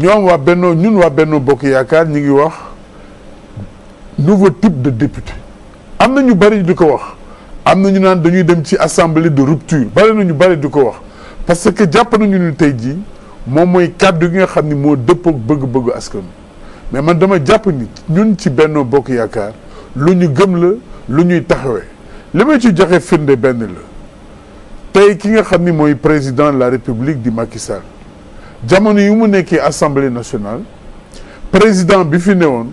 ñoom waa Benno ñun waa Benno Bokk Yaakaar ñu ngi wax nouveau type de député am na ñu bari di ko wax am na ñu naan dañuy dem ci assemblée de rupture bari na ñu bari di ko wax parce que jàpp nañu ni tey jii moom mooy kàddu gi nga xam ni moo dëppook bëgg bëgg askan mais man dama jàpp ni ñun ci Benno Bokk Yaakaar lu ñu gëm la lu ñuy taxawee li ma ci joxe firnde benn la tey ki nga xam ni mooy président la république di Macky jamono yi mu nekkee assemblée nationale président bi fi woon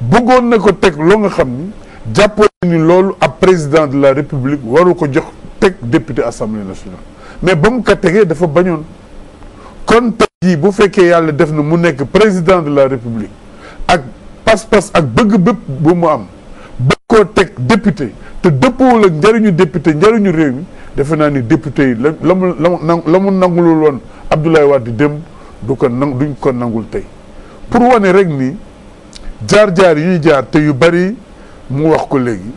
bëggoon na ko teg loo nga xam ni jàppoon ni loolu ab président de la république waru ko jox teg député assemblée nationale mais ba mu ko tegee dafa bañoon kon tey jii bu fekkee yàlla def na mu nekk président de la république ak pas-pas ak bëgg bépp bu mu am bëgg koo teg député te dëppoowul ak njëriñu député njëriñu réew mi defe naa ni député yi la la mu la mu la mu nangulul woon Abdoulaye Wade démb du ko nangu duñ ko nangul tey pour wane rek ni jaar-jaar yi ñuy jaar te yu bari mu wax ko léegi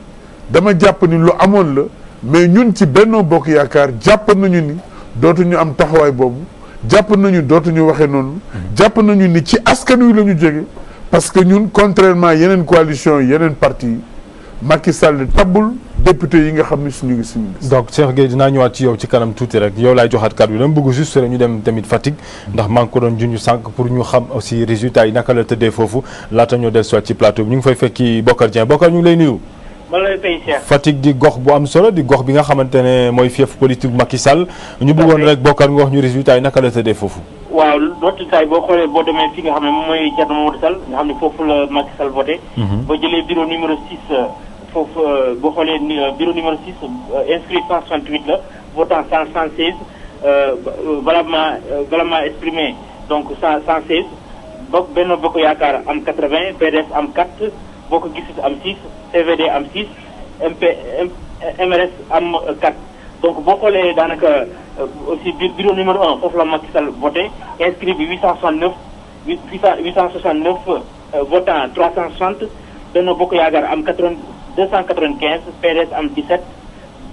dama jàpp ni lu amoon la mais ñun ci Benno Bokk Yaakaar jàpp nañu ni dootuñu am taxawaay boobu jàpp nañu dootuñu waxee noonu jàpp nañu ni ci askan wi la ñu jóge parce que ñun contrairement yeneen coalition yeneen parti yi Macky Sall tabbul député yi nga xam ne suñu ngi suñu gis. donc Cheikh Gueye dinaa ñëwaat ci yow ci kanam tuuti rek yow laay joxaat kàddu bi dama bëgg juste rek ñu dem tamit Fatick ndax maa ngi ko doon junj sànq pour ñu xam aussi résultats yi naka la tëddee foofu laata ñoo dellusiwaat ci ñu ngi fay fekki Bokar Dieng Bokar ñu ngi lay di gox bu am solo di gox bi nga xamante ne mooy fief politique Macky Sall ñu bëggoon rek Bokar nga wax ñu résultats yi naka la tëddee foofu. waaw résultat boo xoolee boo demee fi nga xam ne mooy Thierno Mamadou Sall nga foofu la Macky Sall mhm. jëlee bureau numéro 6 foofu euh, boo xoolee euh, bureau numéro 6 euh, inscrit 168 la cent 116 valablement valablement exprimé donc cent cent 116 bokk Benno Bokk Yaakaar am 80 PDS am 4 Bokk Gis-Gis am 6 CVD am 6 MP MRS am 4 donc boo xoolee daanaka aussi bureau numéro 1 foofu la Macky Sall voté inscrit bi 869 869 cent 360 Benno Bokk Yaakaar am 80 cent 295 PDS am 17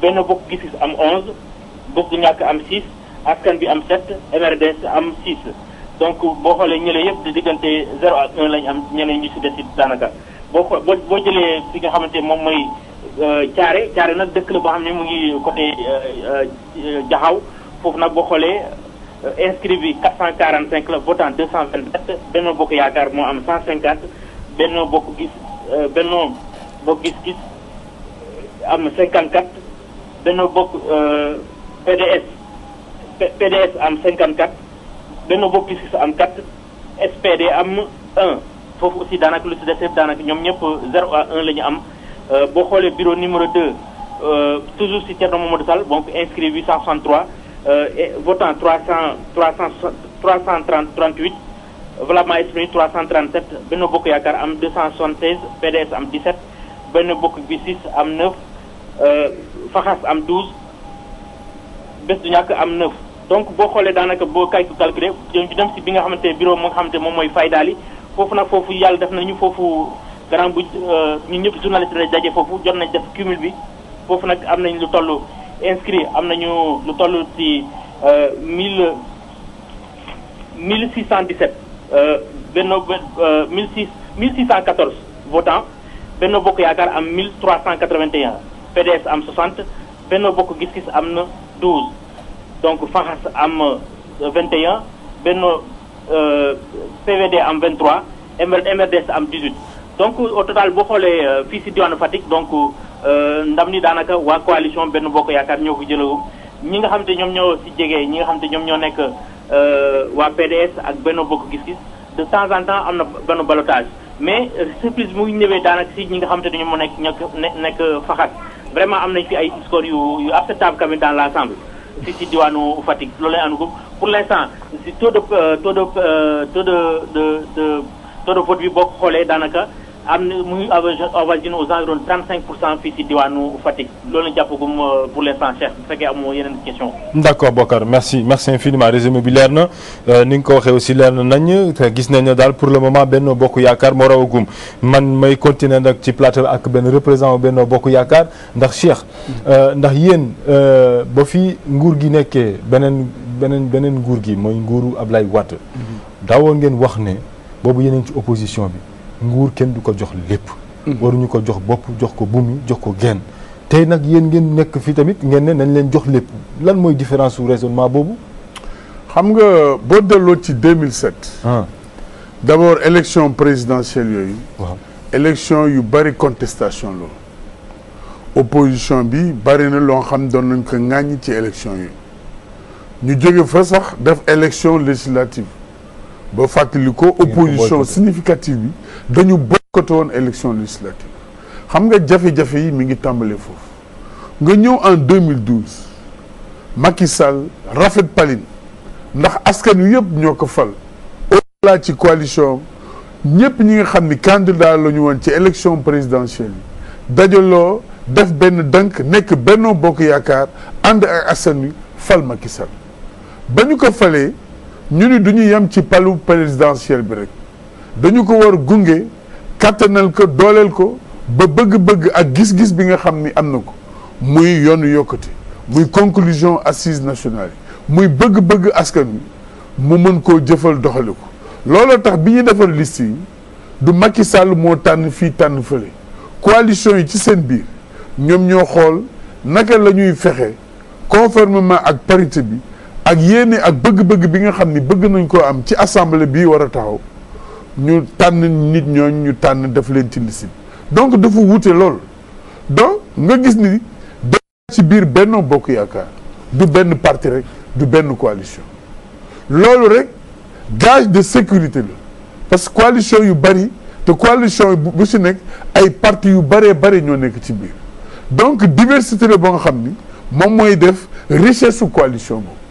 benn bokk gis-gis am 11 bokk ñàkk am 6 askan bi am 7 MRDS am 6 donc boo xoolee ñële yëpp di diggante 0 ak lañu am ñeneen ñu si des it daanaka boo xoo boo jëlee bi nga xamante moom mooy euh, Thiaré Thiaré nag dëkk la boo xam ne mu ngi côté Jaxaw euh, euh, foofu nag boo xoolee inscrit bi 445 la votant 227 Benno Bokk Yaakaar moo am 150 Benno Bokk Gis Benno bokk gis-gis am na 54 Benno Bokk euh, PDS PDS am 54 Benno Bokk Gis-Gis am 4 SPD am 1 foofu aussi daanaka lu si des yëpp daanaka ñoom ñëpp 0 à 1 la ñu am euh, boo xoolee bureau numéro 2 euh, toujours si Thierno Mamadou Sall donc inscrit 863 et votant 300 300 330 38 Valablement exprimé 337 Benno Bokk Yaakaar am 276 PDS am 17. benn bokk bi 6 am 9 euh, faxas am 12 bés du ñàkk am 9 donc boo xoolee daanaka boo kay ko calculé ñu dem si bi nga xamante ne bureau moo nga xamante moom mooy faydaali foofu nag foofu yàlla def nañu foofu gannaaw bu euh, ñun ñëpp journaliste la daje foofu jot na def cumul bi foofu nag am nañ lu toll inscrit am nañu lu toll ci euh, mille mille six cent dix sept benn mille six mille six cent quatorze votants Benno Bokk Yaakaar am 1381 PDS am 60 Benno Bokk Gis-Gis am na 12 donc Faxas am 21 euh, Benno euh, PVD am 23 MRDS am 18 donc au total boo xoolee euh, fii si diwaanu Fatick donc ndam ni daanaka waa coalition Benno Bokk Yaakaar ñoo ko jëlagum ñi nga xam te ñoom ñoo si jege ñi nga xam te ñoom ñoo nekk waa PDS ak Benno Bokk Gis-Gis de temps en temps am na benn ballottage mais surprise muy ñëwee daanaka si ñi nga xam te dañu mu nekk nekk nekk faxat vraiment am nañ fi ay score yu yu acceptable quand même dans l' ensemble si si diwaanu Fatick loolu lay ànd ko pour l' instant si de taux de euh, taux euh, de de taux de vote xoolee daanaka. am na muy avoisine aux environs trente cinq pour cent fii ci diwaanu Fatick loolu la jàppagum euh, pour l'instant Cheikh bu fekkee amoo yeneen question d'accord Bokar merci merci infiniment résumé bi leer na euh, ni nga ko waxee aussi leer na nañ te gis nañ ne daal pour le moment Benno Bokk Yaakaar moo rawagum man may continuer nag ci plateau ak benn représent Benno Bokk Yaakaar ndax Cheikh euh, ndax yéen ba fi nguur gi nekkee beneen beneen beneen nguur gi mooy nguuru Ablaye Wade mhm. daawoon ngeen wax ne boobu yeneen ci opposition bi nguur kenn du ko jox lépp mhm. waruñu ko jox bopp jox ko bumi jox ko genn tey nag yéen ngeen nekk fii tamit ngeen ne nañ leen jox lépp lan mooy différence su raisonnement boobu xam nga boo delloo ci 2007 d' abord élection présidentielle yooyu waaw élection yu bëri contestation loolu opposition bi bëri na loo xam doon nañ ko ŋàññi ci élection yooyu ñu jóge fa sax def élection législative ba fàttali ko opposition significative bi dañu boycotté woon élection législative xam nga jafe-jafe yi mi ngi tàmbalee foofu nga ñëw en 2012 Macky Sall rafet palin ndax askan wi yëpp ñoo ko fal au ci coalition ñëpp ñi nga xam ni candidat la ñu woon ci élection présidentielle yi dajaloo def benn dënk nekk Benno Bokk Yaakaar ànd ak askan wi fal Macky ba ñu ko falee ñu ni du ñu yem ci palu présidentiel bi rek dañu ko war gunge kàttanal ko dooleel ko ba bëgg-bëgg ak gis-gis bi nga xam ni am na ko muy yoonu yokkute muy conclusion assise nationale yi muy bëgg-bëgg askan wi mu mën koo jëfal doxaliku ko looloo tax bi ñu defar liste yi du Macky Sall moo tànn fii tànn fële coalition yi ci seen biir ñoom ñoo xool naka la ñuy fexe conformement ak parité bi ak yéene ak bëgg-bëgg bi nga xam ni bëgg nañ koo am ci assemblée bii war a taxaw ñu tànn nit ñooñ ñu tànn daf leen ci liste donc dafa wuute lool donc nga gis ni ci biir Benno Bokk Yaakaar du benn parti rek du benn coalition loolu rek gage de sécurité la parce que coalition yu bari te coalition yi bu si nekk ay parti yu baree bari ñoo nekk ci biir donc diversité la ba nga xam ni moom mooy def richesse su coalition boobu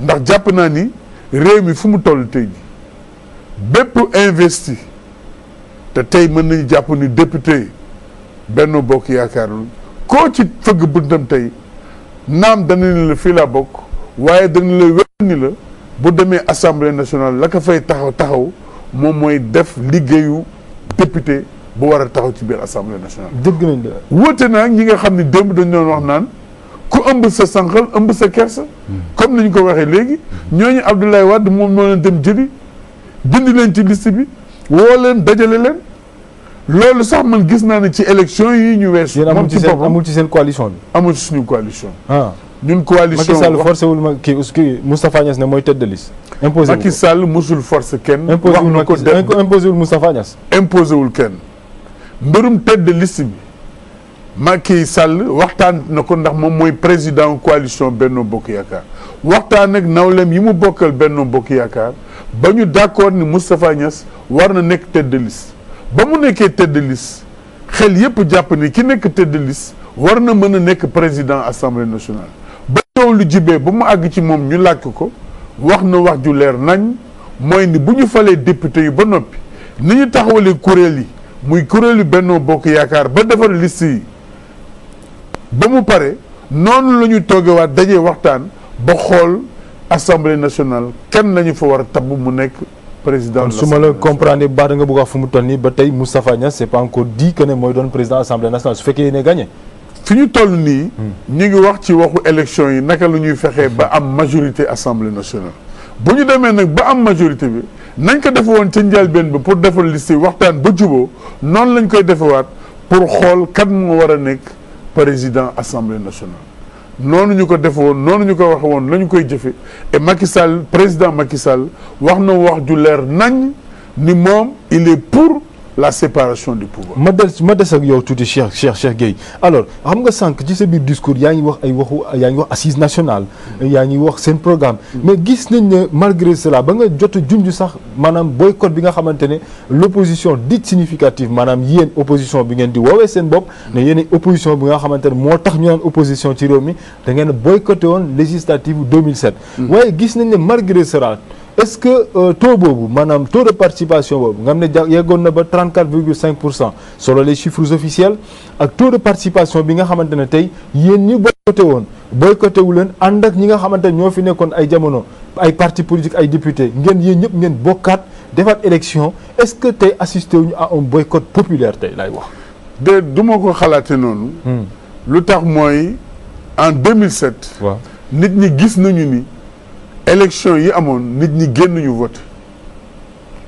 ndax jàpp naa ni réew mi fu mu toll tey ji bépp investi te tey mën nañu jàpp ni député Benno Bokk yaakaar Yaakaarul koo ci fëgg buntam tey naam dana ni la fii laa bokk waaye dana la wér ni la bu demee assemblée nationale la ko fay taxaw taxaw moom mooy def liggéeyu député bu war taxaw ci biir assemblée nationale. dëgg nañ la wóote naa ñi nga xam ne démb dañu doon wax naan ku ëmb sa sànqal ëmb sa kersa. Hmm. comme ni ñu ko waxee léegi ñooñu Abdoulaye Wade moom moo leen dem jëli dindi leen ci liste bi woo leen dajale leen loolu sax man gis naa ne ci élection yi ñu weesu. moom ci boppam amul ci seen coalition bi. amul ci suñu coalition. Ah. ñun coalition Macky Sall forcé wul ma kii kii Moustapha Niass ne mooy tête de liste. imposé wul Macky Sall mosul force kenn. wax na ko imposé wul Moustapha Niass. imposé wul kenn mbirum tête de liste bi. Macky Sall waxtaan na ko ndax moom mooy président coalition Benno Bokk Yaakaar waxtaan ak nawlem yi mu bokkal Benno Bokk Yaakaar ba ñu d'accord ni Moustapha Niass war na nekk tête de ba mu nekkee tête de liste xel yépp jàpp ni ki nekk tête de war na mën a nekk président assemblée nationale ba coow lu jibee ba mu àgg ci moom ñu làkk ko wax na wax ju leer nañ mooy ni bu ñu falee député yu ba noppi ni ñu taxawalee kuréel yi muy kuréelu Benno Bokk Yaakaar ba defar yi ba mu pare noonu la ñu toogewaat dajee waxtaan ba xool assemblée nationale kenn la ñu fa war a tabb mu nekk président de su ma la comprendre baax da nga bëgg a fu mu toll nii ba tey Moustapha Niass c'est pas encore dit que mooy doon président assemblée nationale su fekkee yéene gagné. fi ñu toll nii. Hmm. ñu ngi wax ci waxu élection yi naka la ñuy fexee ba am majorité assemblée nationale. bu ñu demee nag ba am majorité bi nañ ko def woon ca njëlbeen bi pour defal liste waxtaan ba juboo noonu lañ koy defewaat pour xool kan moo war a nekk. président assemblée nationale noonu ñu ko defe woon noonu ñu ko waxe woon la ñu koy jëfe et Macky Sall président Macky Sall wax na wax ju leer nañ ni moom il est pour la séparation du pouvoir. ma des ma des ak yow tuuti Cheikh Cheikh Cheikh Gueye xam nga sànq ci sa biir discours yaa ngi wax ay waxu yaa ngi wax assise nationale. yaa ngi wax seen programme. Mm. mais gis nañ ne malgré cela ba nga jot a junj sax maanaam boycott bi nga xamante ne l' opposition dite significative maanaam yéen opposition bi ngeen di woowee seen bopp. Mm. ne yéen opposition bi nga xamante ne moo tax ñu naan opposition ci réew mi da ngeen boycotté woon législative 2007. Mm. waaye gis nañ ne malgré cela. est-ce que euh, taux boobu maanaam taux de participation boobu nga xam ne ja yeggoon na ba 34 virgule 5 pour cent selon les chiffres officiels ak taux de participation bi nga xamante ne tey yéen ñi boycotté woon boycotté wu leen ànd ak ñi nga xamante ne ñoo fi nekkoon ay jamono ay parti politique ay député ngeen yéen ñëpp ngeen bokkaat defaat élection est-ce que tey assisté ñu a un boycott populaire tey lay wax. de du ma ko xalaate noonu. Hmm. lu tax mooy en 2007. waaw nit ñi gis nañu ni. élection yi amoon nit ñi génn ñu vote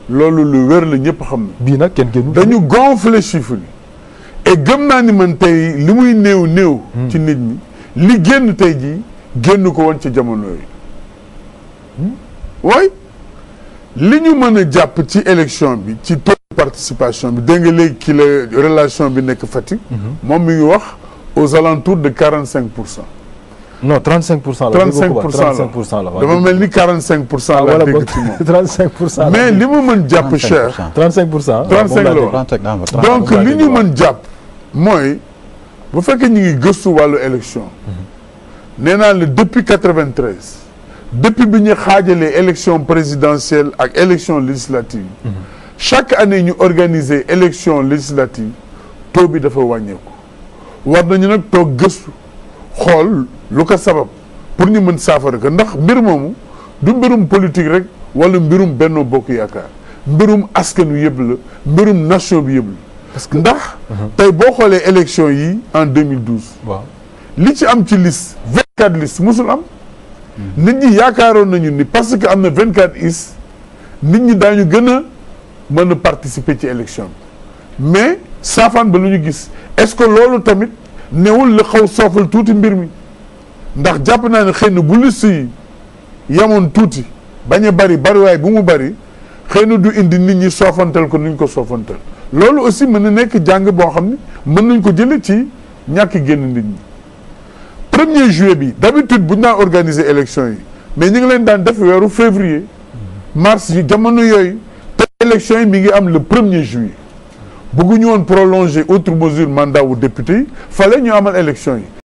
loolu lu wér la ñëpp xam ne bii nag kenn génnu dañu gonfler chiffre yi et gëm naa ni man tey li muy néew néew hmm. ci nit ñi li génn tey jii génn ko woon ci jamono yooyu hmm. waay li ñu mën a jàpp ci élection bi ci taux participation bi dégg nga léegi ki la relation bi nekk Fatick hmm. moom mi ngi wax aux alentours de quarante cinq pour cent non 35 pour cent la. 35 pour cent la 35 pour cent la dafa mel ni 45 pour cent la. dégg ci moom 35 pour cent mais li mu mën jàpp cher. 35 pour cent 35 donc li ñu mën jàpp mooy bu fekkee ñu ngi gëstu wàllu élection nee naa la depuis 93 depuis bi ñu xaajalee élection présidentielle ak élection législative chaque année ñu organiser élection législative taux bi dafa wàññeeku war nañu nag toog gëstu xool. lu ko sabab pour ñu mën saafara ko ndax mbir moomu du mbirum politique rek wala mbirum Benno Bokk Yaakaar mbirum askan wi yëpp la mbirum nation bi yëpp la. parce que ndax. tey boo xoolee élection yi en 2012. waaw li ci am ci liste 24 listes mosul am. nit ñi yaakaaroon nañu ni parce que am na 24 is nit ñi daañu gën a mën participer ci élection bi mais saafaan ba lu ñu gis est-ce que loolu tamit newul li xaw soofal tuuti mbir mi. ndax jàpp naa ne xëy na bu liste yi yamoon tuuti bañ a bari bariwaay bu mu bari xëy du indi nit ñi soofantal ko nuñ ko soofantal loolu aussi mën na nekk jàng boo xam ne mën nañ ko jële ci ñàkk génn nit ñi premier juillet bi d'habitude bu ñu daan organiser élection yi mais ñu ngi leen daan def weeru février mars yi jamono yooyu te élection yi mi ngi am le premier juillet bëgguñu woon prolonger autre mesure mandat wu député yi fallait ñu amal élection yi